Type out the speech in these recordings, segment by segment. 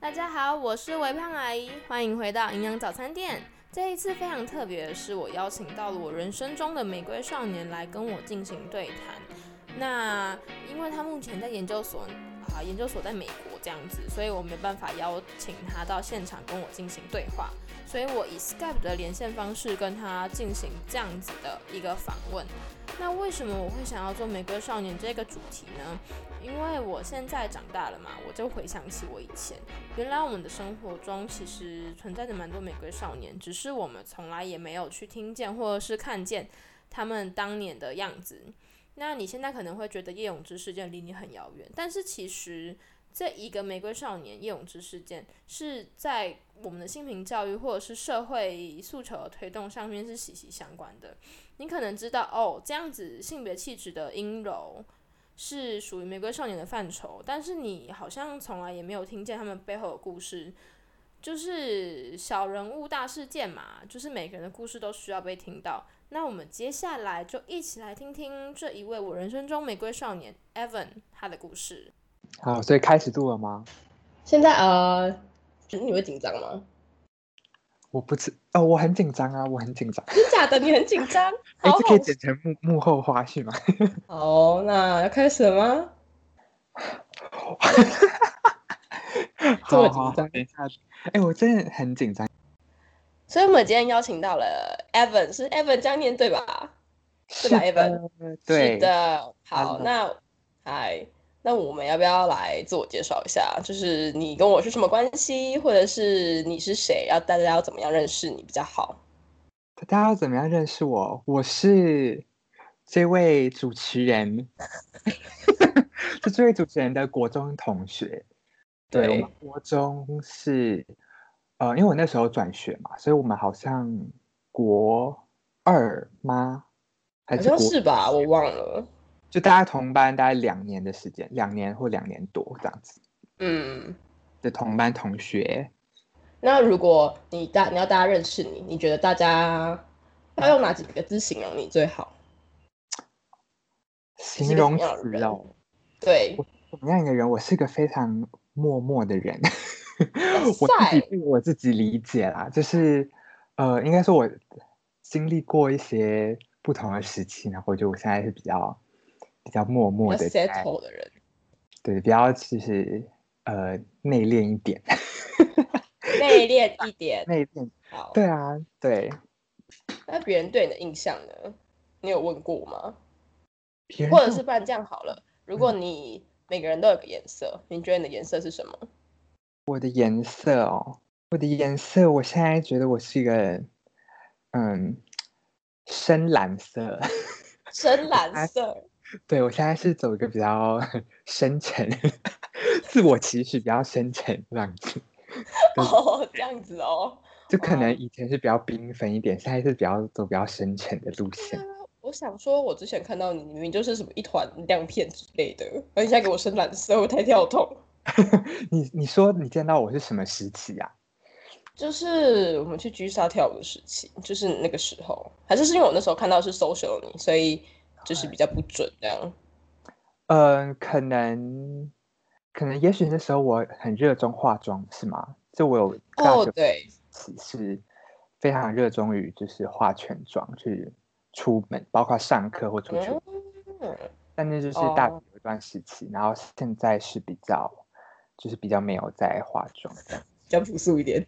大家好，我是微胖阿姨，歡迎回到營養早餐店。這一次非常特別的是，我邀請到了我人生中的玫瑰少年來跟我進行對談。那因為他目前在研究所啊，研究所在美國。這樣子，所以我沒辦法邀請他到現場跟我進行對話，所以我以 Skype 的連線方式跟他進行這樣子的一個訪問。那為什麼我會想要做玫瑰少年這個主題呢？因為我現在長大了嘛，我就回想起我以前，原來我們的生活中其實存在着蠻多玫瑰少年，只是我們從來也沒有去聽見或者是看見他們當年的樣子。那你現在可能會覺得葉永鋕事件離你很遙遠，但是其實。這一個玫瑰少年葉永志事件，是在我們的性平教育或者是社會訴求的推動上面是息息相關的。你可能知道哦，這樣子性別氣質的陰柔是屬於玫瑰少年的範疇，但是你好像從來也沒有聽見他們背後的故事。就是小人物大事件嘛，就是每個人的故事都需要被聽到。那我們接下來就一起來聽聽這一位我人生中玫瑰少年 Evan 他的故事。好，所以開始做了嗎？現在呃，你會緊張嗎？我不知，哦，我很緊張啊，我很緊張。真假的，你很緊張。 欸、可以剪成幕幕後花絮嗎？好，好，好好，那要開始了嗎？ 這麼緊張，哎、欸，我真的很緊張。所以我們今天邀請到了 Evan，是 Evan 將念對吧？是吧，Evan？對的。好，嗯、那 Hi。那我們要不要來自我介紹一下？就是你跟我是什麼關係，或者是你是誰？要大家要怎麼樣認識你比較好？大家要怎麼樣認識我？我是這位主持人， 是這位主持人的國中同學。對,對我們國中是呃，因為我那時候轉學嘛，所以我們好像國二嗎？二好像是吧，我忘了。就大家同班大概兩年的時間，兩年或兩年多這樣子。嗯，的同班同學。那如果你大你要大家認識你，你覺得大家要用哪幾個字形容你最好？形容詞哦？容對，什麼樣的人？我是個非常默默的人。 我自己帥我自己理解啦，就是呃，應該說我經歷過一些不同的時期，然後就我,我現在是比較。比較默默的 settle 的人，對，比較就是呃內斂一點，內 斂一點，內斂 斂好對啊，對。那別人對你的印象呢？你有問過嗎？人或者是不然這樣好了，如果你每個人都有個顏色，嗯、你覺得你的顏色是什麼？我的顏色哦，我的顏色，我現在覺得我是一個嗯深藍色，深藍色。 對我現在是走一個比較深沉， 自我期許比較深沉這樣子。哦，這樣子哦。就可能以前是比較繽紛一點，哦，現在是比較走比較深沉的路線。嗯嗯，我想說，我之前看到你明明就是什麼一團亮片之類的，而你現在給我深藍色，我太跳痛。 你你說你見到我是什麼時期呀，啊？就是我們去爵士跳舞的時期，就是那個時候，還是是因為我那時候看到是 social 你，所以。就是比較不準這樣嗯，可能，可能，也許那時候我很熱衷化妝，是嗎？就我有大對，其實非常熱衷於就是化全妝、oh, 對去出門，包括上課或出去。嗯、但那就是大有一段時期，oh. 然後現在是比較，就是比較沒有在化妝，比較樸素一點。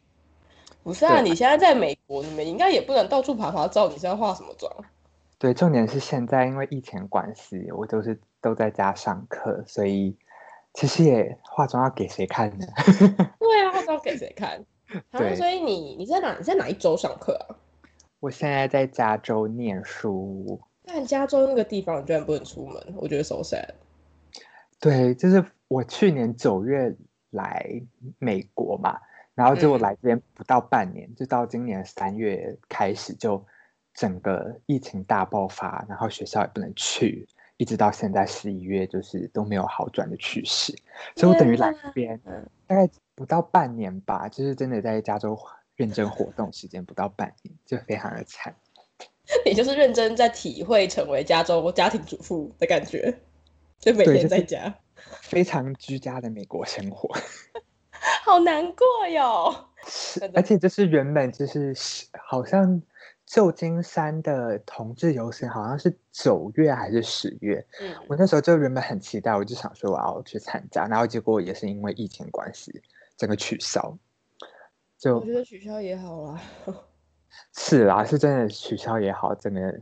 不是啊，對你現在在美國，你們應該也不能到處爬爬照，你現在化什麼妝？對，重點是現在因為疫情關係，我都是都在家上課，所以其實也化妝要給誰看呢？ 對啊，化妝給誰看？嗯、對，所以你你在哪？你在哪一周上課啊？我現在在加州念書，但加州那個地方居然不能出門，我覺得 so sad。對，就是我去年九月來美國嘛，然後就我來這邊不到半年，嗯、就到今年三月開始就。整個疫情大爆發，然後學校也不能去，一直到現在十一月就是都沒有好轉的趨勢，所以我等於來這邊哪大概不到半年吧，就是真的在加州認真活動時間不到半年，就非常的慘。你就是認真在體會成為加州家庭主婦的感覺，就每天在家，就是、非常居家的美國生活， 好難過喲。是，而且就是原本就是好像。舊金山的同志遊行好像是九月還是十月？嗯、我那時候就原本很期待，我就想說、啊、我要去參加，然後結果也是因為疫情關係整個取消。就我覺得取消也好啊。是啦，是真的取消也好，真的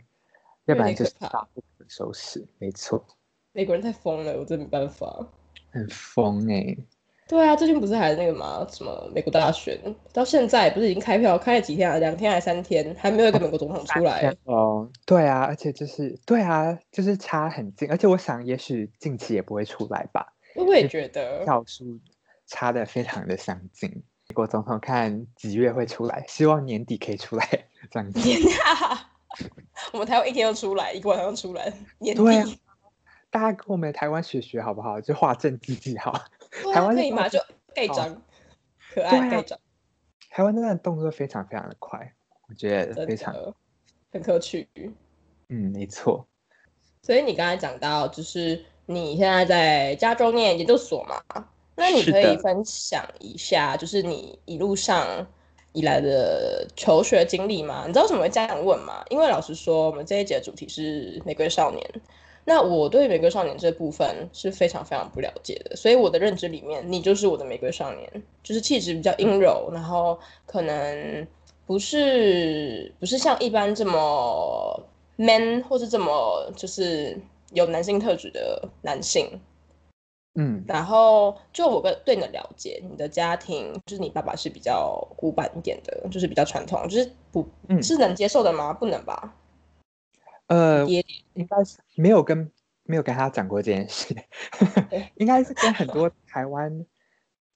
要不然就是大部分收拾，沒錯。美國人太瘋了，我真的沒辦法。很瘋哎、欸。對啊，最近不是還那個嗎？什麼美國大選到現在不是已經開票，開了幾天啊？兩天還三天，還沒有一個美國總統出來。哦，對啊，而且就是對啊，就是差很近。而且我想，也許近期也不會出來吧。我也覺得票數差的非常的相近。美國總統看幾月會出來？希望年底可以出來。這樣子。天啊，我們台灣一天要出來，一個晚上要出來。對啊，大家跟我們台灣學學好不好？就畫政治記號。台灣可以嘛？哦、就蓋章，哦、可愛對張台灣真的動作非常非常的快，我覺得非常的很可取。嗯，沒錯。所以你剛才講到，就是你現在在加州念研究所嘛，的那你可以分享一下，就是你一路上以來的求學經歷嗎？你知道為什麼會這樣問嗎？因為老實說，我們這一集的主題是《玫瑰少年》。那我對玫瑰少年這部分是非常非常不了解的，所以我的認知裡面，你就是我的玫瑰少年，就是氣質比較陰柔，然後可能不是不是，像一般這麼 man，或是這麼就是有男性特質的男性。嗯。然後就我個對你的了解，你的家庭就是你爸爸是比較古板一點的，就是比較傳統，就是不，是能接受的嗎？不能吧。嗯呃，爹爹應該是沒有跟沒有跟他講過這件事， 應該是跟很多台灣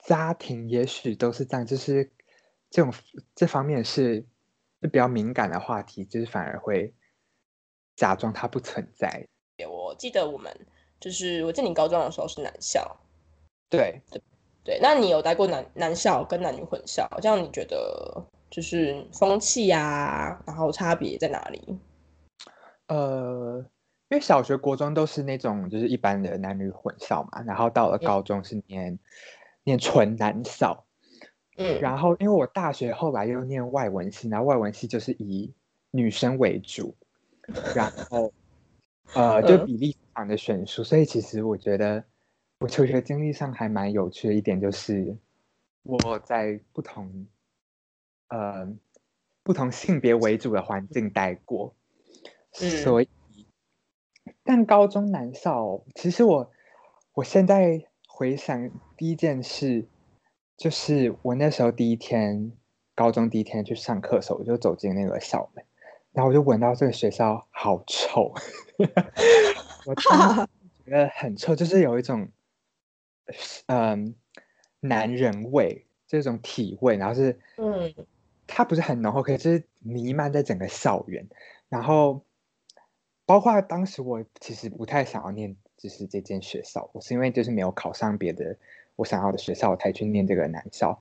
家庭，也許都是這樣，就是這種這方面是就比較敏感的話題，就是反而會假裝它不存在。我記得我們就是我記得你高中的時候是男校，對對對，那你有待過男男校跟男女混校，這樣你覺得就是風氣啊，然後差別在哪裡？呃，因為小學、國中都是那種就是一般的男女混校嘛，然後到了高中是念、嗯、念純男校，嗯、然後因為我大學後來又念外文系，然後外文系就是以女生為主，然後呃，就比例非常的懸殊，所以其實我覺得我求學經歷上還蠻有趣的一點，就是我在不同呃不同性別為主的環境待過。所以，嗯、但高中男校，其實我我現在回想第一件事，就是我那時候第一天高中第一天去上課的時候，我就走進那個校門，然後我就聞到這個學校好臭， 我覺得很臭， 就是有一種嗯、呃、男人味這種體味，然後是嗯它不是很濃厚，可是瀰漫在整個校園，然後。包括當時我其實不太想要念就是這間學校，我是因為就是沒有考上別的我想要的學校，我才去念這個男校。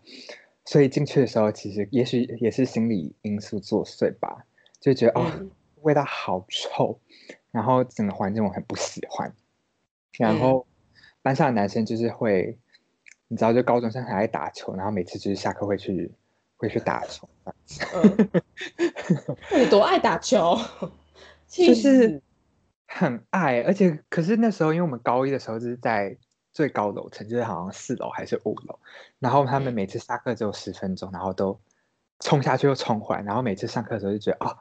所以進去的時候，其實也許也是心理因素作祟吧，就覺得、哦、味道好臭，嗯、然後整個環境我很不喜歡。然後班上的男生就是會，嗯、你知道，就高中生很愛打球，然後每次就是下課會去會去打球。呃、 你多愛打球！其實就是很愛，而且可是那時候，因為我們高一的時候就是在最高樓層，就是好像四樓還是五樓，然後他們每次下課只有十分鐘，然後都衝下去又衝回來，然後每次上課的時候就覺得，哦，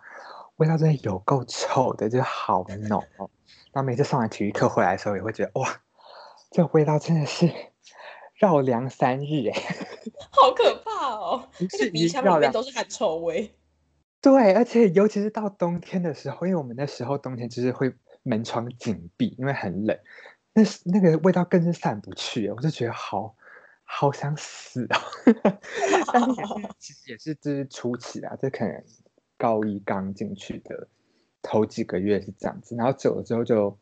味道真的有夠臭的，就是、好濃、哦。然後每次上完體育課回來的時候，也會覺得，哇，這味道真的是繞梁三日耶，哎，好可怕哦！就 個鼻腔裡面都是汗臭味。對，而且尤其是到冬天的時候，因為我們那時候冬天就是會門窗緊閉，因為很冷，那那個味道更是散不去，我就覺得好好想死啊、哦！ 其實也是只是初期啊，這可能高一剛進去的頭幾個月是這樣子，然後久了之後就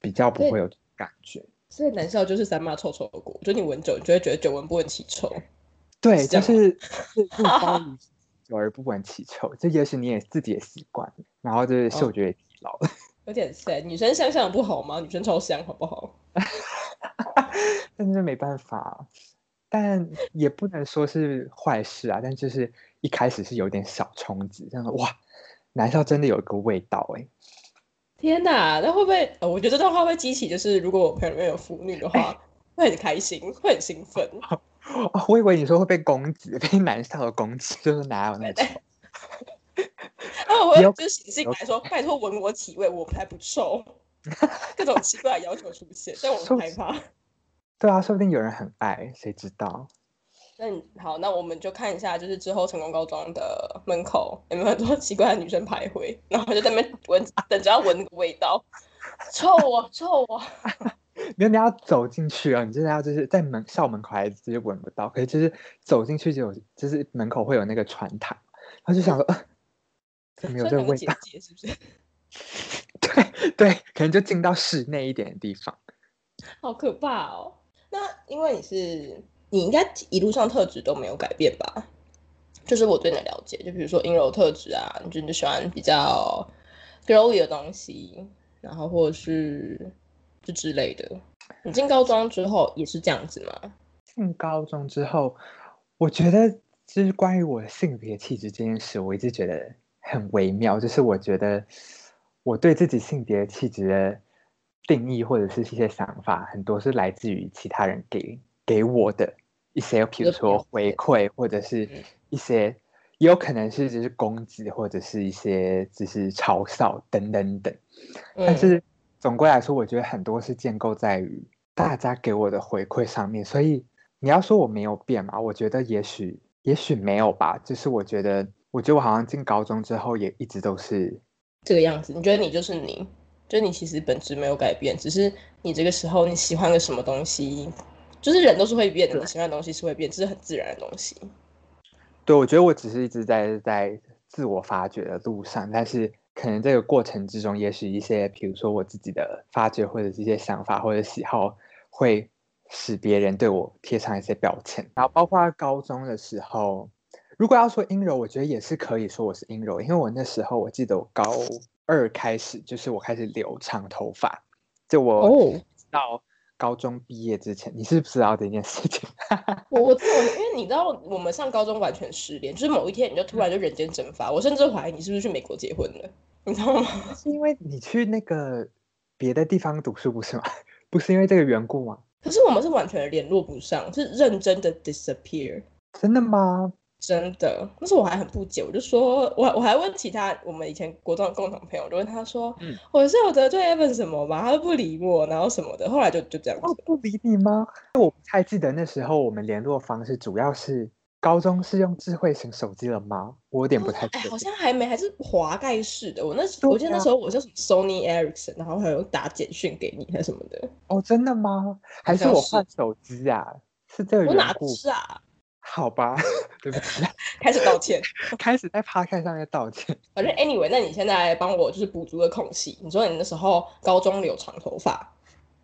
比較不會有感覺。所以男校就是三媽臭臭的鍋，就你聞久，你就會覺得久聞不聞其臭。對，就是。是久而不聞其臭，這件事你也自己也習慣了，然後就是嗅覺也疲勞了。有點 sad，女生香香，香香的不好嗎？女生超香，好不好？ 但是沒辦法、啊，但也不能說是壞事啊。但就是一開始是有點小衝擊，這樣子哇，男生真的有一個味道哎、欸。天哪、啊，那會不會？呃、我覺得這段話會激起，就是如果我朋友裡面有腐女的話，唉會很開心，會很興奮。 Oh, 我以為你說會被攻擊，被男校的攻擊，就是哪有那個？對對對 那我有就寫信來說，you okay, you okay. 拜託聞我體味，我們還不臭， 各種奇怪的要求出現，但我們害怕。對啊，說不定有人很愛，誰知道？那你好，那我們就看一下，就是之後成功高中的門口有沒有很多奇怪的女生徘徊，然後就在那邊聞，等着要聞那個味道， 臭啊，臭啊！ 你你要走進去啊、哦！你真的要就是在門校門口還是直接聞不到？可是就是走進去就有，就是門口會有那個傳達，他就想說、呃、這沒有這個味道，傳達姐姐是不是？ 對對，可能就進到室內一點的地方。好可怕哦！那因為你是你應該一路上特質都沒有改變吧？就是我對你的了解，就比如說陰柔特質啊，就你就就喜歡比較 girly 的東西，然後或者是。之類的，你進高中之後也是這樣子嗎？進高中之後，我覺得就是關於我的性別氣質這件事，我一直覺得很微妙。就是我覺得我對自己性別氣質的定義，或者是一些想法，很多是來自於其他人給給我的一些，比如說回饋，嗯、或者是一些，也有可能是只是攻擊，或者是一些只是嘲笑等等等。但是。嗯總歸來說，我覺得很多是建構在於大家給我的回饋上面。所以你要說我沒有變嘛？我覺得也許，也許沒有吧。就是我覺得，我覺得我好像進高中之後也一直都是這個樣子。你覺得你就是你，就你其實本質沒有改變，只是你這個時候你喜歡個什麼東西，就是人都是會變的，對喜歡的東西是會變，這、就是很自然的東西。對，我覺得我只是一直在在自我發掘的路上，但是。可能這個過程之中，也許一些，比如說我自己的發覺，或者一些想法，或者喜好，會使別人對我貼上一些標籤。然後包括高中的時候，如果要說陰柔，我覺得也是可以說我是陰柔，因為我那時候我記得我高二開始，就是我開始留長頭髮，就我到。Oh. 高中畢業之前，你是不是知道這件事情？ 我我我，因為你知道，我們上高中完全失聯，就是某一天你就突然就人間蒸發。我甚至懷疑你是不是去美國結婚了，你知道嗎？是因為你去那個別的地方讀書，不是嗎？不是因為這個緣故嗎？可是我們是完全聯絡不上，是認真的 disappear。真的嗎？真的，那時候我還很不解，我就說，我我還問其他我們以前國中的共同朋友，我就問他說，嗯、我是有得罪 Evan 什麼嗎？他不理我，然後什麼的，後來就就這樣。我不理你嗎？我不太記得那時候我們聯絡的方式主要是高中是用智慧型手機了嗎？我有點不太……記得、哦哎。好像還沒，還是滑蓋式的。我那時、啊、我記得那時候我叫什麼 Sony Ericsson，然後還有打簡訊給你還是什麼的。哦，真的嗎？還是我換手機啊？是，是這個緣故？我哪知啊？好吧，對不起，開始道歉，開始在趴看上面道歉。反正 anyway，那你現在幫我就是補足個空隙。你說你那時候高中留長頭髮，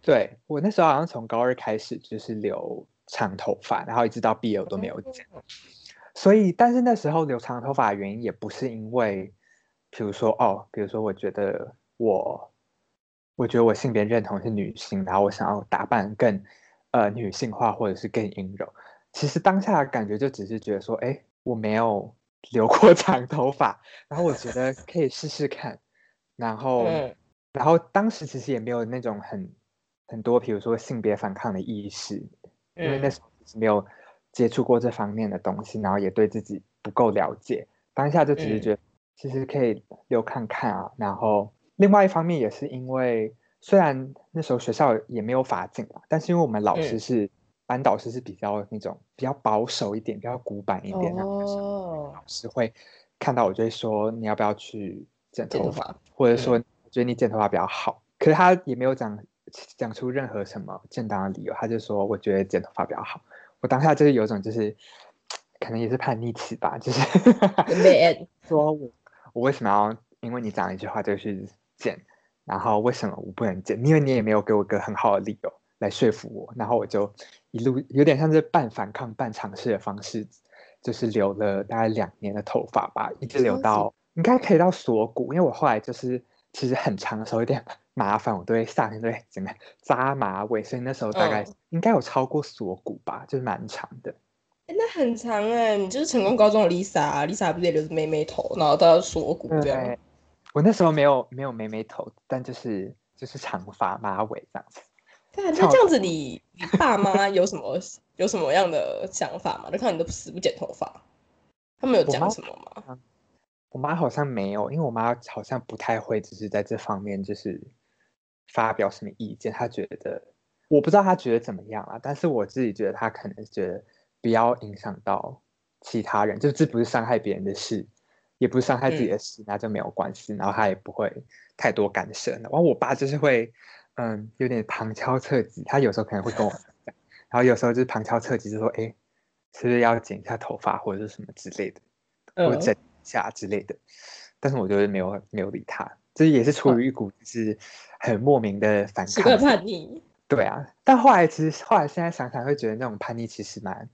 對，我那時候好像從高二開始就是留長頭髮，然後一直到畢業我都沒有剪。嗯，所以，但是那時候留長頭髮的原因也不是因為，比如說哦，比如說我覺得我，我覺得我性別認同是女性，然後我想要打扮更呃女性化，或者是更陰柔。其實當下感覺就只是覺得說，哎，我沒有留過長頭髮，然後我覺得可以試試看，然後，然後當時其實也沒有那種很很多，比如說性別反抗的意識，因為那時候沒有接觸過這方面的東西，然後也對自己不夠了解，當下就只是覺得其實可以留看看啊，然後另外一方面也是因為，雖然那時候學校也沒有髮禁吧、啊，但是因為我們老師是。班導師是比較那種比較保守一點、比較古板一點那、啊、老、oh. 師，會看到我就會說：“你要不要去剪頭髮？” Yeah. 或者說：“我覺得你剪頭髮比較好。” Yeah. 可是他也沒有講講出任何什麼正當的理由，他就說：“我覺得剪頭髮比較好。”我當下就是有一種就是可能也是叛逆期吧，就是 Man. 說我：“我為什麼要因為你講一句話就去剪？然後為什麼我不能剪？因為你也沒有給我個很好的理由來說服我。”然後我就。一路有點像是半反抗半嘗試的方式，就是留了大概兩年的頭髮吧，一直留到應該可以到鎖骨，因為我後來就是其實很長的時候有點麻煩，我都會夏天都會整個扎馬尾，所以那時候大概應該有超過鎖骨吧，就是蠻長的。欸，那很長哎、欸，你就是成功高中的 Lisa，Lisa 啊，不是也留着妹妹頭，然後到鎖骨這樣？對，我那時候沒有沒有妹妹頭，但就是就是長髮馬尾這樣子。對，那這樣子，你爸媽有什麼 有什麼樣的想法嗎？就看你都死不剪頭髮，他們有講什麼嗎？我媽好像沒有，因為我媽好像不太會，只是在這方面就是發表什麼意見。她覺得我不知道她覺得怎麼樣啊，但是我自己覺得她可能覺得不要影響到其他人，就是這不是傷害別人的事，也不是傷害自己的事，嗯、那就沒有關係，然後她也不會太多干涉。然後我爸就是會。嗯，有點旁敲側擊，他有時候可能會跟我講， 然後有時候就是旁敲側擊，就說：“哎，是不是要剪一下頭髮，或者是什麼之類的，呃、或整一下之類的。”但是我就是沒有沒有理他，這也是出於一股就是很莫名的反抗叛逆。嗯、對啊，但後來其實後來現在想想，會覺得那種叛逆其實蠻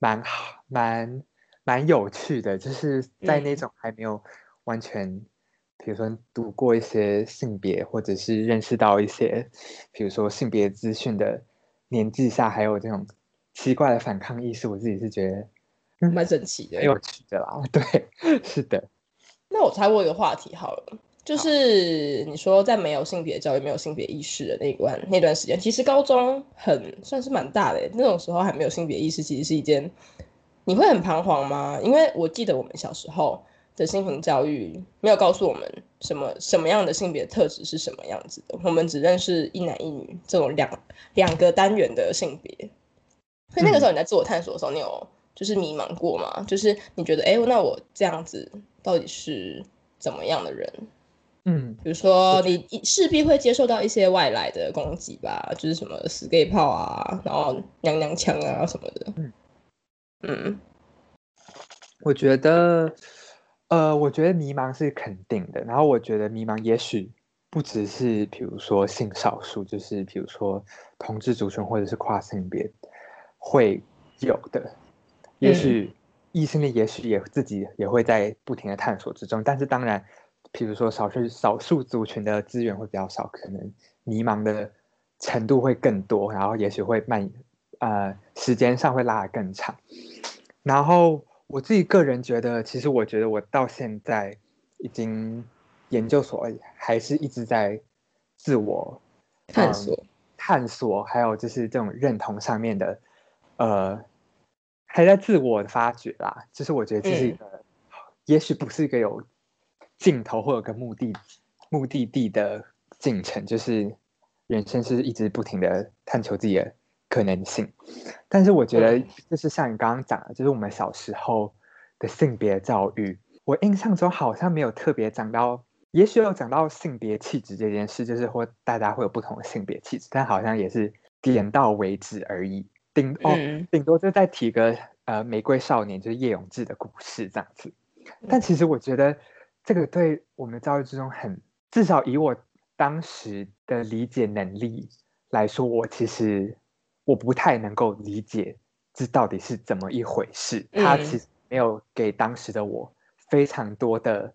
蠻好，蠻蠻，蠻，蠻有趣的，就是在那種還沒有完全。嗯比如說讀過一些性別，或者是認識到一些，比如說性別資訊的年紀下，還有這種奇怪的反抗意識，我自己是覺得蠻神奇的，有趣的啦。對，是的。那我猜過一個話題好了，就是好你說在沒有性別教育、沒有性別意識的那一段那段時間，其實高中很算是蠻大的那種時候，還沒有性別意識，其實是一件你會很彷徨嗎？因為我記得我們小時候。的性平教育沒有告訴我們什麼什麼樣的性別特質是什麼樣子的，我們只認識一男一女這種兩兩個單元的性別。所以那個時候你在自我探索的時候，嗯、你有就是迷茫過嗎？就是你覺得，哎，那我這樣子到底是怎麼樣的人？嗯，比如說你勢必會接受到一些外來的攻擊吧，就是什麼死 gay 炮啊，然後娘娘腔啊什麼的。嗯嗯，嗯我覺得。呃，我覺得迷茫是肯定的。然後我覺得迷茫也許不只是，比如說性少數，就是比如說同志族群或者是跨性別會有的。也許異性戀，嗯、也許也自己也會在不停的探索之中。但是當然，比如說少數少數族群的資源會比較少，可能迷茫的程度會更多，然後也許會慢，呃，時間上會拉得更長。然後。我自己個人覺得，其實我覺得我到現在已經研究所而已還是一直在自我探索，嗯、探索，還有就是這種認同上面的，呃，還在自我的發掘啦。就是我覺得這是一個，嗯、也許不是一個有盡頭或有個目的目的地的進程，就是人生是一直不停的探求自己的可能性，但是我覺得就是像你剛剛講的，就是我們小時候的性別教育，我印象中好像沒有特別講到，也許有講到性別氣質這件事，就是或大家會有不同的性別氣質，但好像也是點到為止而已。頂哦，頂多就再提個呃玫瑰少年，就是葉永志的故事這樣子。但其實我覺得這個對我們的教育之中很，至少以我當時的理解能力來說，我其實。我不太能夠理解這到底是怎麼一回事。他其實沒有給當時的我非常多的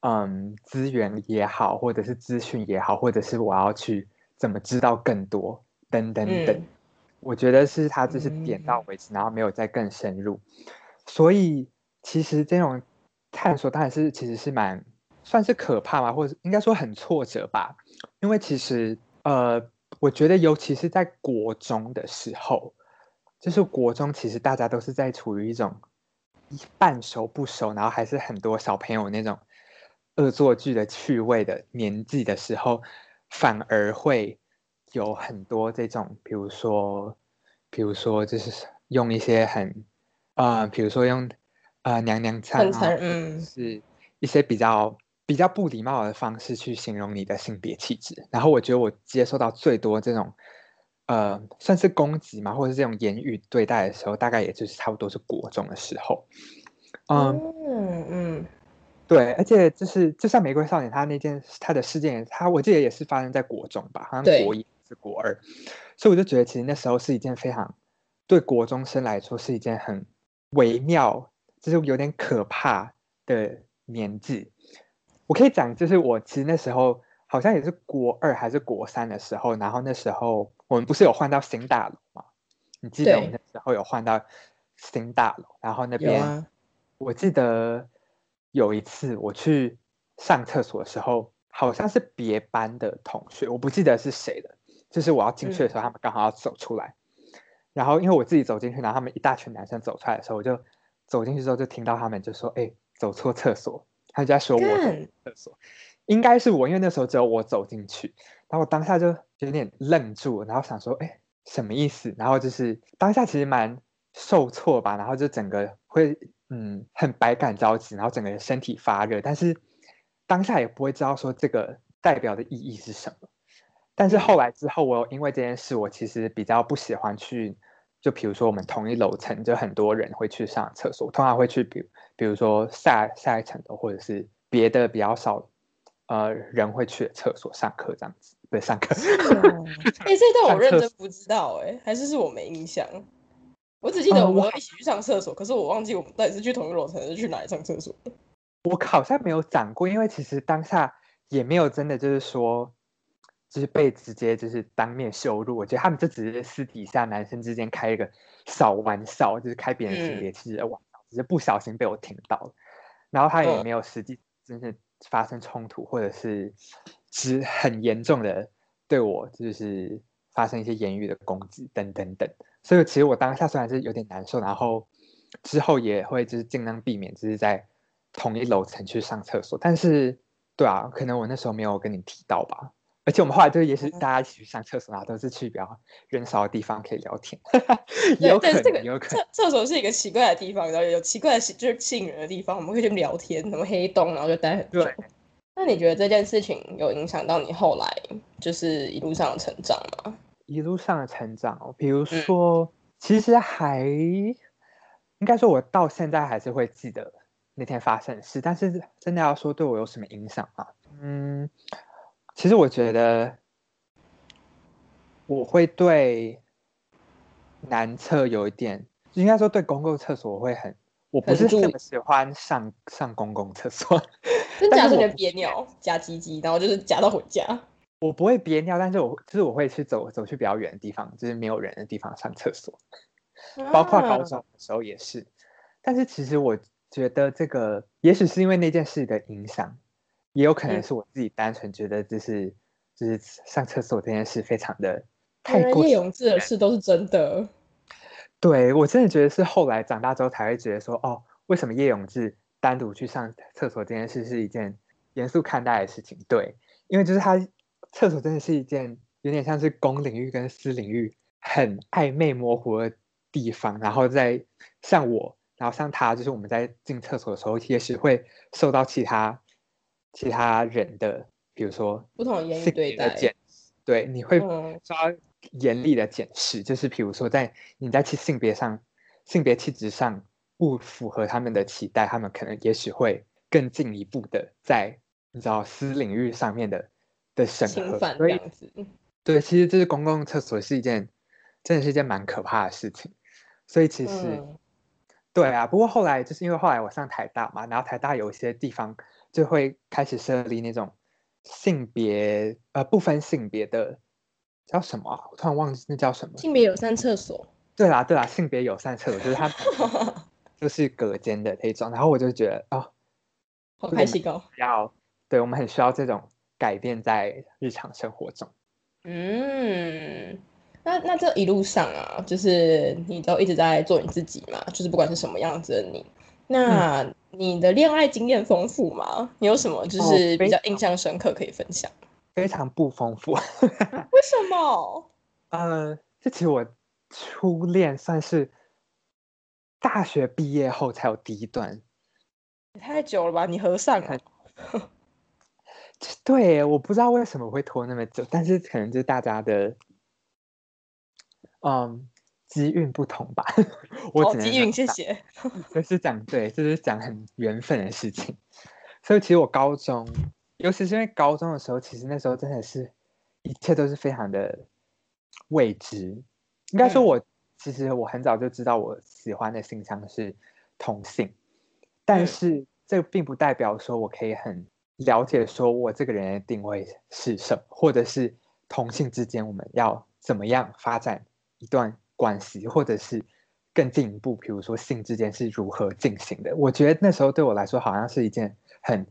嗯、嗯、資源也好，或者是資訊也好，或者是我要去怎麼知道更多等等等。嗯、我覺得是他只是點到為止，嗯、然後沒有再更深入。所以其實這種探索當然是其實是蠻算是可怕吧，或者應該說很挫折吧，因為其實呃。我覺得，尤其是在國中的時候，就是國中，其實大家都是在處於一種半熟不熟，然後還是很多小朋友那種惡作劇的趣味的年紀的時候，反而會有很多這種，比如說，比如說，就是用一些很啊、呃，比如說用啊、呃、娘娘腔，嗯，是一些比較。比較不禮貌的方式去形容你的性別氣質，然後我覺得我接受到最多這種，呃，算是攻擊嘛，或者是這種言語對待的時候，大概也就是差不多是國中的時候。嗯嗯，對，而且就是就像玫瑰少年他那件他的事件，他我記得也是發生在國中吧，好像國一還是國二，對所以我就覺得其實那時候是一件非常對國中生來說是一件很微妙，就是有點可怕的年紀。我可以講，就是我其實那時候好像也是國二還是國三的時候，然後那時候我們不是有換到新大樓嘛？你記得我們那時候有換到新大樓，對然後那邊、啊、我記得有一次我去上廁所的時候，好像是別班的同學，我不記得是誰了，就是我要進去的時候，他們剛好要走出來，嗯、然後因為我自己走進去，然後他們一大群男生走出來的時候，我就走進去之後就聽到他們就說：“哎，走錯廁所。”他就在說我的廁所，應該是我，因為那時候只有我走進去，然後我當下就有點愣住了，然後想說，哎，什麼意思？然後就是當下其實蠻受挫吧，然後就整個會嗯很百感交集，然後整個身體發熱，但是當下也不會知道說這個代表的意義是什麼。但是後來之後，我因為這件事，我其實比較不喜歡去。就比如說，我們同一樓層就很多人會去上廁所，通常會去比，比如說下下一層的，或者是別的比較少呃人會去的廁所上課這樣子，對，上課。哎、哦，這道 我認真不知道哎，還是是我沒印象？我只記得我們一起去上廁所，哦、可是我忘記我們到底是去同一樓層，是去哪裡上廁所？我好像沒有講過，因為其實當下也沒有真的就是說。就是被直接就是當面羞辱，我覺得他們這只是私底下男生之間開一個小玩笑，就是開別人性別歧視的玩笑，只是、嗯、不小心被我聽到。然後他也沒有實際真是發生衝突，或者是只很嚴重的，對我就是發生一些言語的攻擊等等等。所以其實我當下雖然是有點難受，然後之後也會就是盡量避免就是在同一樓層去上廁所。但是，對啊，可能我那時候沒有跟你提到吧。而且我們後來就是大家一起去上廁所，然後都是去比較人少的地方可以聊天， 有可能。廁廁所是一個奇怪的地方，然有奇怪的，就是吸引人的地方，我們可以聊天，什麼黑洞，然後就待很久。對。那你覺得這件事情有影響到你後來就是一路上的成長嗎？一路上的成長、哦，比如說，嗯、其實還應該說，我到現在還是會記得那天發生的事，但是真的要說對我有什麼影響啊？嗯。其實我覺得，我會對男廁有一點，應該說對公共廁所我會很，我不是很喜歡上上公共廁所。真夾着憋尿，夾雞雞，然後就是夾到回家。我不會憋尿，但是我就是我會去走走去比較遠的地方，就是沒有人的地方上廁所。包括高中的時候也是，啊、但是其實我覺得這個，也許是因為那件事的影響。也有可能是我自己單純覺得這，就是、嗯、就是上廁所這件事非常的太過。葉永志的事都是真的，對，我真的覺得是後來長大之後才會覺得說，哦，為什麼葉永志單獨去上廁所這件事是一件嚴肅看待的事情？對，因為就是他廁所真的是一件有點像是公領域跟私領域很曖昧模糊的地方，然後再像我，然後像他，就是我們在進廁所的時候也許會受到其他。其他人的，比如說的不同言語對待對，你會抓嚴厲的檢視，嗯、就是比如說在你在其性別上、性別氣質上不符合他們的期待，他們可能也許會更進一步的在你知道私領域上面的的審核對，對，其實這是公共廁所是一件真的是一件蠻可怕的事情，所以其實、嗯、對啊，不過後來就是因為後來我上台大嘛，然後台大有一些地方。就會開始設立那種性別呃，不分性別的叫什麼，啊？我突然忘記那叫什麼？性別友善廁所。對啦、啊、對啦、啊，性別友善廁所就是它，就是隔間的那種 然後我就覺得哦，好開心哦。要對，我們很需要這種改變在日常生活中。嗯，那那這一路上啊，就是你都一直在做你自己嘛，就是不管是什麼樣子的你，那。嗯你的戀愛經驗豐富嗎？你有什麼就是比較印象深刻可以分享？哦，非常，非常不豐富。 為什麼？呃，這其實我初戀算是大學畢業後才有第一段。也太久了吧？你和尚啊？ 對，我不知道為什麼會拖那麼久，但是可能就是大家的，嗯。機運不同吧， 我只能、哦、機運，謝謝。就是講，對，就是講很緣分的事情。所以其實我高中，尤其是因為高中的時候，其實那時候真的是一切都是非常的未知。應該說我、嗯、其實我很早就知道我喜歡的性向是同性，但是這並不代表說我可以很了解說我這個人的定位是什麼，或者是同性之間我們要怎麼樣發展一段關係，或者是更進一步，比如說性之間是如何進行的？我覺得那時候對我來說，好像是一件很，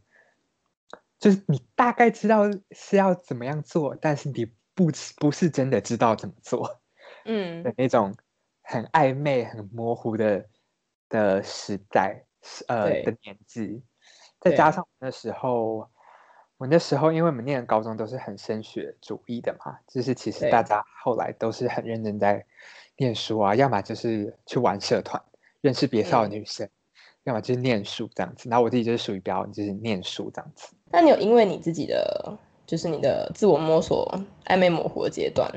就是你大概知道是要怎麼樣做，但是你不不是真的知道怎麼做，嗯的那種很曖昧、很模糊的的時代，呃對的年紀，再加上那時候。我那時候，因為我們念的高中都是很升學主義的嘛，就是其實大家後來都是很認真在唸書啊，要麼就是去玩社團認識別校的女生，嗯、要麼就是唸書這樣子。然後我自己就是屬於比較就是唸書這樣子。那你有因為你自己的就是你的自我摸索曖昧模糊的階段，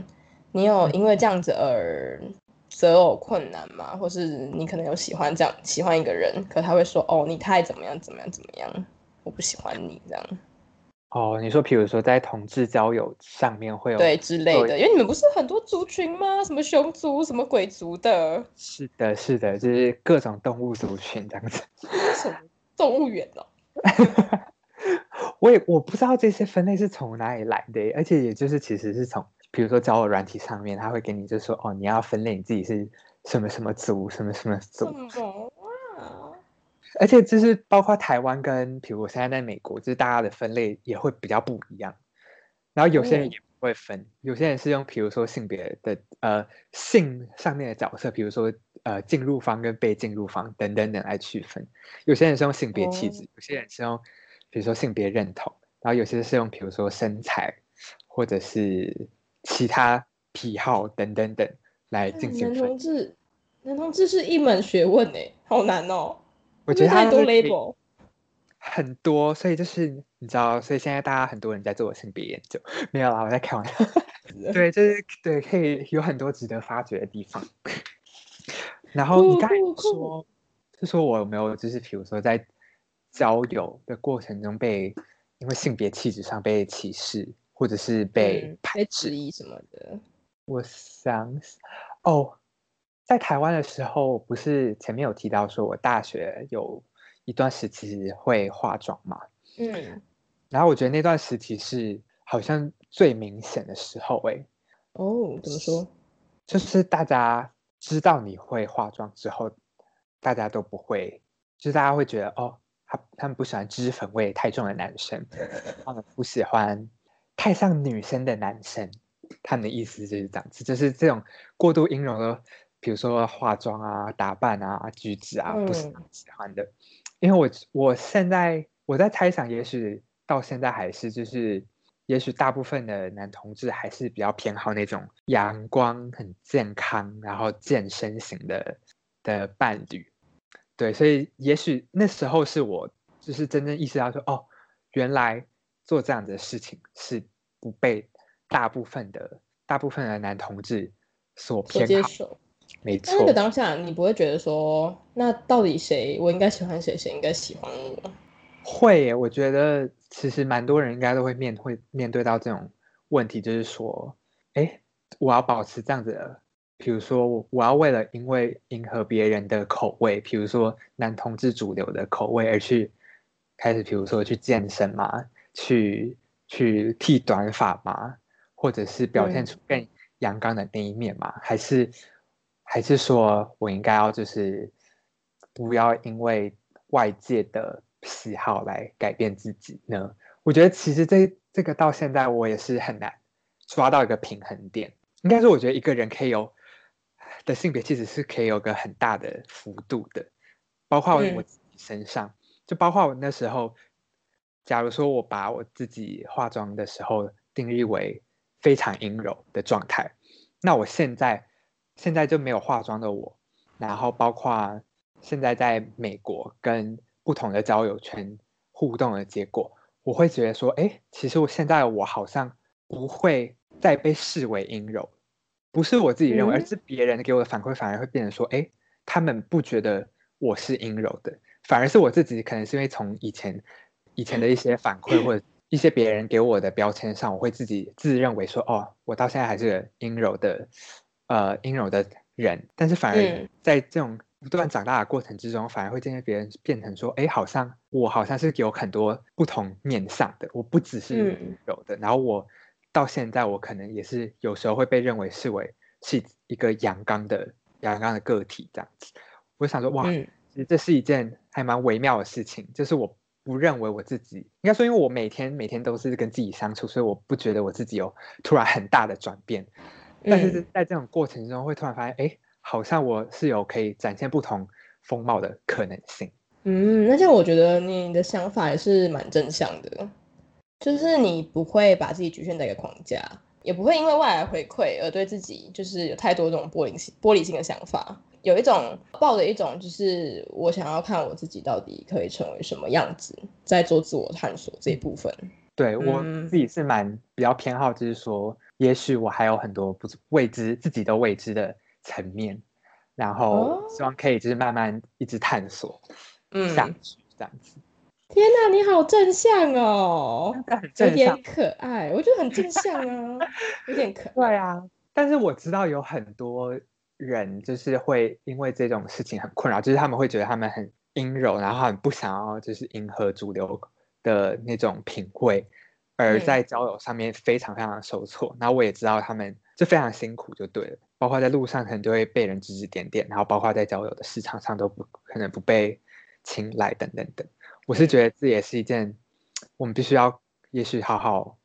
你有因為這樣子而擇偶困難嗎？或是你可能有喜歡這樣喜歡一個人，可他會說哦你太怎麼樣怎麼樣怎麼樣，我不喜歡你這樣。哦，你說，比如說在同志交友上面會有對之類的，有因為你們不是很多族群嗎？什麼熊族、什麼鬼族的？是的，是的，就是各種動物族群這樣子。動物園哦？ 我也我不知道這些分類是從哪裡來的，而且也就是其實是從，比如說交友軟體上面，他會給你就說，哦，你要分類你自己是什麼什麼族，什麼什麼族。而且就是包括台灣跟，譬如我現在在美國，就是大家的分類也會比較不一樣。然後有些人也不會分，嗯、有些人是用，比如說性別的呃性上面的角色，比如說呃進入方跟被進入方等等等來區分。有些人是用性別氣質，哦、有些人是用比如說性別認同，然後有些人是用比如說身材或者是其他癖好等等等來進行分、哎呃。男同志，男同志是一門學問哎、欸，好難哦。 我覺得它就是很多，所以就是你知道，所以現在大家很多人在做我性別研究，沒有啦，我在開玩笑的。對，就是對，可以有很多值得發掘的地方。然後你再說，哭哭哭就說我有沒有就是比如說在交友的過程中被因為性別氣質上被歧視，或者是被排斥異什麼的？我想，哦。在台灣的時候，不是前面有提到說我大學有一段時期會化妝嘛？嗯，然後我覺得那段時期是好像最明顯的時候，欸，哎，哦，怎麼說？就是大家知道你會化妝之後，大家都不會，就是大家會覺得哦，他他們不喜歡脂粉味太重的男生， 他們不喜歡太像女生的男生，他們的意思就是這樣子，就是這種過度陰柔的。比如說化妝啊、打扮啊、舉止啊，不是蠻喜歡的。嗯、因為我我現在我在猜想，也許到現在還是就是，也許大部分的男同志還是比較偏好那種陽光、很健康、然後健身型的的伴侶。對，所以也許那時候是我就是真正意識到說，哦，原來做這樣的事情是不被大部分的大部分的男同志所偏好。好。在那個當下，你不會覺得說，那到底誰我應該喜歡誰，誰應該喜歡我？會，我覺得其實蠻多人應該都會面會面對到這種問題，就是說，哎，我要保持這樣子的，比如說我我要為了因為迎合別人的口味，比如說男同志主流的口味而去開始，比如說去健身嘛，去去剃短髮嘛，或者是表現出更陽剛的那一面嘛，嗯、還是？還是說，我應該要就是不要因為外界的喜好來改變自己呢？我覺得其實這這個到現在我也是很難抓到一個平衡點。應該是我覺得一個人可以有的性別其實是可以有個很大的幅度的，包括我自己身上，對就包括我那時候，假如說我把我自己化妝的時候定義為非常陰柔的狀態，那我現在。現在就沒有化妝的我，然後包括現在在美國跟不同的交友圈互動的結果，我會覺得說，哎，其實我現在我好像不會再被視為陰柔，不是我自己認為，嗯、而是別人給我的反饋反而會變成說，哎，他們不覺得我是陰柔的，反而是我自己可能是因為從以前以前的一些反饋或者一些別人給我的標籤上，我會自己自認為說，哦，我到現在還是陰柔的。呃，溫柔的人，但是反而在這種不斷長大的過程之中，嗯、反而會見到別人變成說，哎、欸，好像我好像是有很多不同面相的，我不只是有的。嗯、然後我到現在，我可能也是有時候會被認為是為是一個陽剛的陽剛的個體這樣子。我想說，哇，這是一件還蠻微妙的事情。嗯、就是我不認為我自己，應該說，因為我每天每天都是跟自己相處，所以我不覺得我自己有突然很大的轉變。但是在這種過程中，會突然發現，哎、嗯，好像我是有可以展現不同風貌的可能性。嗯，而且我覺得你的想法也是蠻正向的，就是你不會把自己局限在一個框架，也不會因為外來回饋而對自己就是有太多這種玻璃性、玻璃性的想法，有一種抱着一種就是我想要看我自己到底可以成為什麼樣子，在做自我探索這一部分。嗯、對，我自己是蠻比較偏好，就是說。也許我還有很多不知、自己都未知的層面，然後希望可以就是慢慢一直探索，哦、嗯，這樣子。這樣子。天哪、啊，你好正向哦，有點可愛，我覺得很正向啊，有點可愛。 啊，但是我知道有很多人就是會因為這種事情很困擾，就是他們會覺得他們很陰柔，然後很不想要就是迎合主流的那種品味。而在交友上面非常非常受挫，那、嗯、我也知道他們就非常辛苦，就對了。包括在路上可能就會被人指指點點，然後包括在交友的市場上都不可能不被青睞等等等。我是覺得這也是一件、嗯、我們必須要，也許好好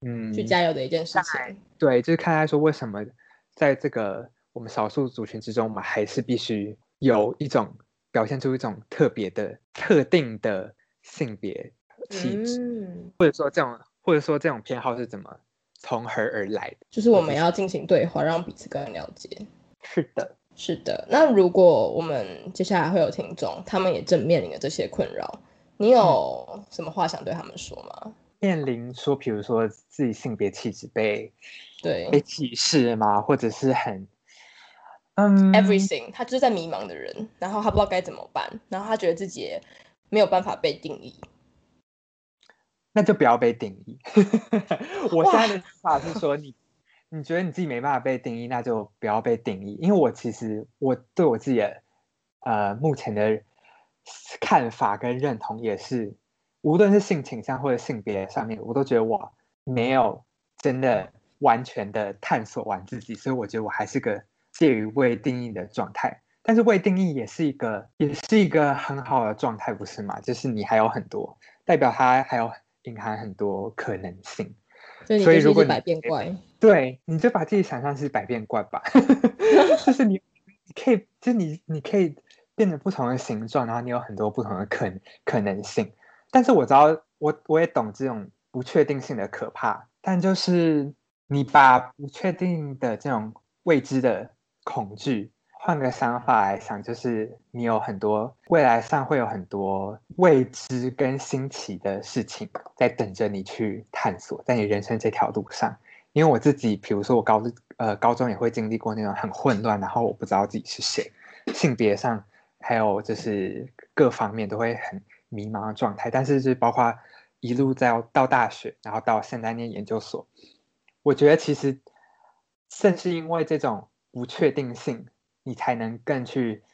嗯去加油的一件事情。對，就是看來說為什麼在這個我們少數族群之中，我們還是必須有一種表現出一種特別的、嗯、特定的性別。氣質，或者說這樣，或者說這種偏好是怎麼從何而來的？就是我們要進行對話，讓彼此更了解。是的，是的。那如果我們接下來會有聽眾，他們也正面臨着這些困擾，你有什麼話想對他們說嗎？嗯，面臨說，比如說自己性別氣質被對被歧視了嗎？或者是很嗯，everything，他就是在迷茫的人，然後他不知道該怎麼辦，然後他覺得自己沒有辦法被定義。那就不要被定義。 我現在的想法是說，你你覺得你自己沒辦法被定義，那就不要被定義。因為我其實我對我自己的呃目前的看法跟認同也是，無論是性傾向或者性別上面，我都覺得我沒有真的完全的探索完自己，所以我覺得我還是個介於未定義的狀態。但是未定義也是一個也是一個很好的狀態，不是嗎？就是你還有很多，代表它還有。蘊含很多可能性，所以如果你對，你就把自己想象是百變怪吧， 就是你，你可以，就你你可以變得不同的形狀，然後你有很多不同的可可能性。但是我知道，我我也懂這種不確定性的可怕，但就是你把不確定的這種未知的恐懼。換個想法來想，就是你有很多未來上會有很多未知跟新奇的事情在等着你去探索，在你人生這條路上。因為我自己，比如說我高呃高中也會經歷過那種很混亂，然後我不知道自己是誰，性別上還有就是各方面都會很迷茫的狀態。但是是包括一路在到大學，然後到現在念研究所，我覺得其實正是因為這種不確定性。你才能更去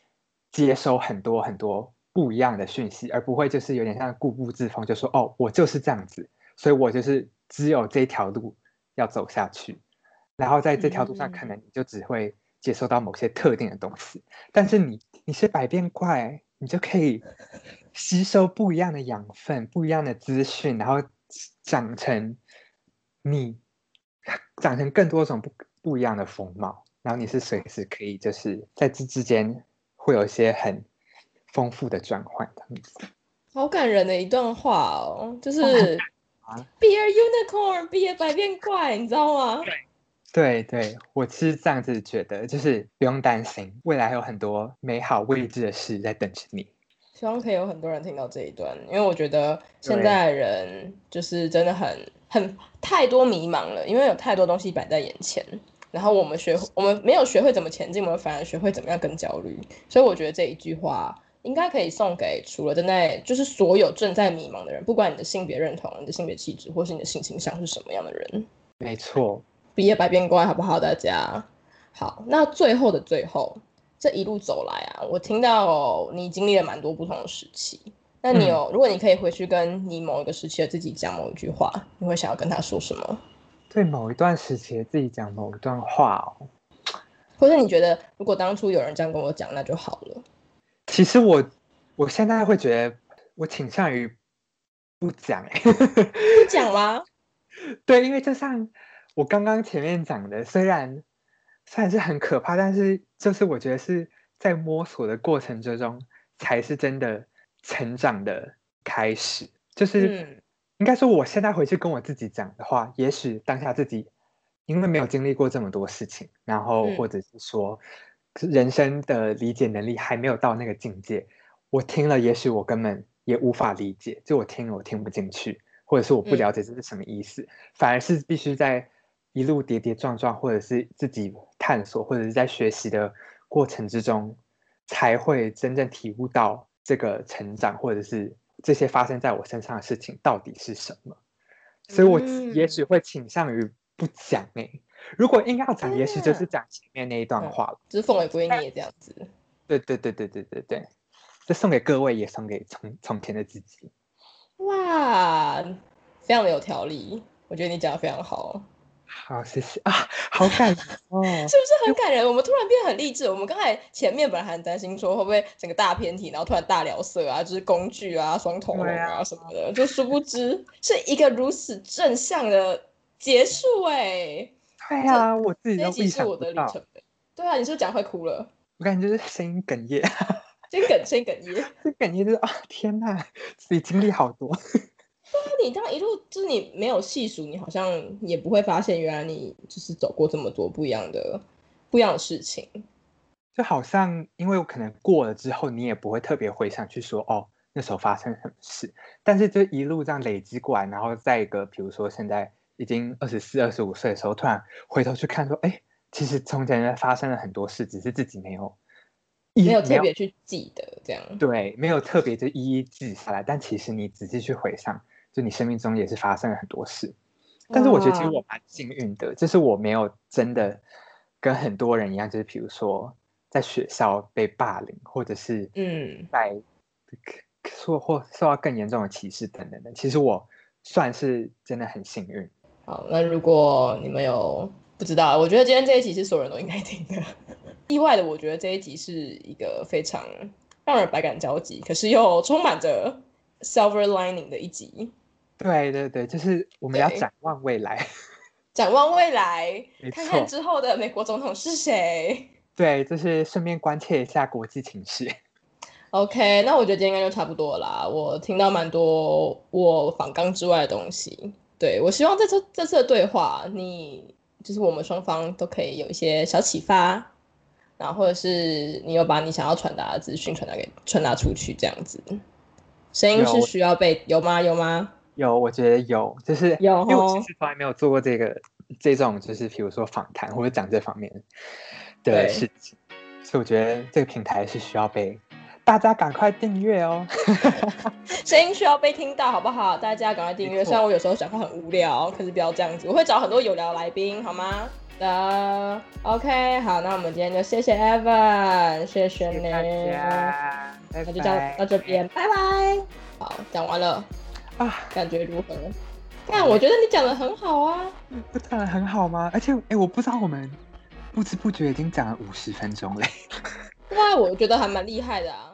接收很多很多不一樣的訊息，而不會就是有點像固步自封，就說哦，我就是這樣子，所以我就是只有這條路要走下去，然後在這條路上，可能你就只會接收到某些特定的東西。嗯嗯，但是你你是百變怪，你就可以吸收不一樣的養分、不一樣的資訊，然後長成你長成更多種不不一樣的風貌。然後你是隨時可以，就是在這之間會有一些很豐富的轉換的，好感人的一段話哦，就是 be a unicorn，be a 百變怪，你知道嗎？對對，我其實這樣子覺得，就是不用擔心未來還有很多美好未知的事在等着你。希望可以有很多人聽到這一段，因為我覺得現在的人就是真的很對很太多迷茫了，因為有太多東西擺在眼前。然後我們學，我們沒有學會怎麼前進，我們反而學會怎麼樣更焦慮。所以我覺得這一句話應該可以送給除了正在，就是所有正在迷茫的人，不管你的性別認同、你的性別氣質，或是你的性傾向是什麼樣的人。沒錯，畢業百變怪好不好，好？大家好，那最後的最後，這一路走來啊，我聽到、哦、你經歷了蠻多不同的時期。那你有，嗯、如果你可以回去跟你某一個時期的自己講某一句話，你會想要跟他說什麼？對某一段時期自己講某一段話哦，或者你覺得如果當初有人這樣跟我講，那就好了。其實我我現在會覺得，我傾向於不講哎，不講嗎？對，因為就像我剛剛前面講的，雖然雖然是很可怕，但是就是我覺得是在摸索的過程之中，才是真的成長的開始，就是。嗯。應該說，我現在回去跟我自己講的話，也許當下自己因為沒有經歷過這麼多事情，然後或者是說人生的理解能力還沒有到那個境界，嗯、我聽了也許我根本也無法理解，就我聽了我聽不進去，或者是我不了解這是什麼意思，嗯、反而是必須在一路跌跌撞撞，或者是自己探索，或者是在學習的過程之中，才會真正體悟到這個成長，或者是。這些發生在我身上的事情到底是什麼？所以我也許會傾向於不講哎、欸，嗯，如果硬要講，也許就是講前面那一段話了、嗯嗯，就是縫也不會捏這樣子。對對對對對對對，就送給各位，也送給從從前的自己。哇，非常的有條理，我覺得你講的非常好。好，謝謝啊，好感人、哦， 是不是很感人？我們突然變得很勵志。我們剛才前面本來還很擔心，說會不會整個大偏題，然後突然大聊色啊，就是工具啊、雙頭龍啊什麼的，啊、就殊不知是一個如此正向的結束哎、欸。對啊，這我自己都沒想到，這一集是我的旅程、欸。對啊，你是不是講快哭了？我感覺就是聲音哽咽，梗， 哽，聲音哽咽，聲音哽就是、哦、啊，天吶，自己經歷好多。對啊，你這樣一路就是你沒有細數，你好像也不會發現原來你就是走過這麼多不一樣的、不一樣的事情。就好像因為我可能過了之後，你也不會特別回想去說，哦，那時候發生什麼事。但是就一路這樣累積過來，然後在一個比如說現在已經二十四、二十五歲的時候，突然回頭去看說，哎，其實從前發生了很多事，只是自己沒有沒有特別去記得這樣。對，沒有特別就一一記下來，但其實你仔細去回想。就你生命中也是發生了很多事，但是我覺得其實我蠻幸運的，哇就是我沒有真的跟很多人一樣，就是比如說在學校被霸凌，或者是嗯，在說或受到更嚴重的歧視等等的，其實我算是真的很幸運。好，那如果你們有不知道，我覺得今天這一集是所有人都應該聽的。 意外的，我覺得這一集是一個非常讓人百感交集，可是又充滿着 silver lining 的一集。對對對，就是我們要展望未來，展望未來， 沒錯。看看之後的美國總統是誰。對，就是順便關切一下國際情勢。OK，那我覺得今天應該就差不多了啦。我聽到蠻多我訪綱之外的東西。對，我希望這次這次的對話，你就是我們雙方都可以有一些小啟發，然後或者是你有把你想要傳達的資訊傳達給傳達出去這樣子。聲音是需要被有嗎有嗎？有嗎有，我覺得有，就是，有，因為我其實從來沒有做過這個吼這種，就是譬如說訪談或者講這方面的事情，所以對我覺得這個平台是需要被大家趕快訂閱哦， 聲音需要被聽到，好不好？大家趕快訂閱。錯雖然我有時候講話很無聊，可是不要這樣子，我會找很多有聊來賓，好嗎？的、嗯、，OK，好，那我們今天就謝謝 Evan 謝謝你那就，就到到這邊，拜拜，拜拜。好，講完了。啊，感覺如何？但我覺得你講得很好啊，不，講得很好嗎？而且，哎、欸，我不知道我們不知不覺已經講了五十分鐘嘞。那 我覺得還蠻厲害的啊。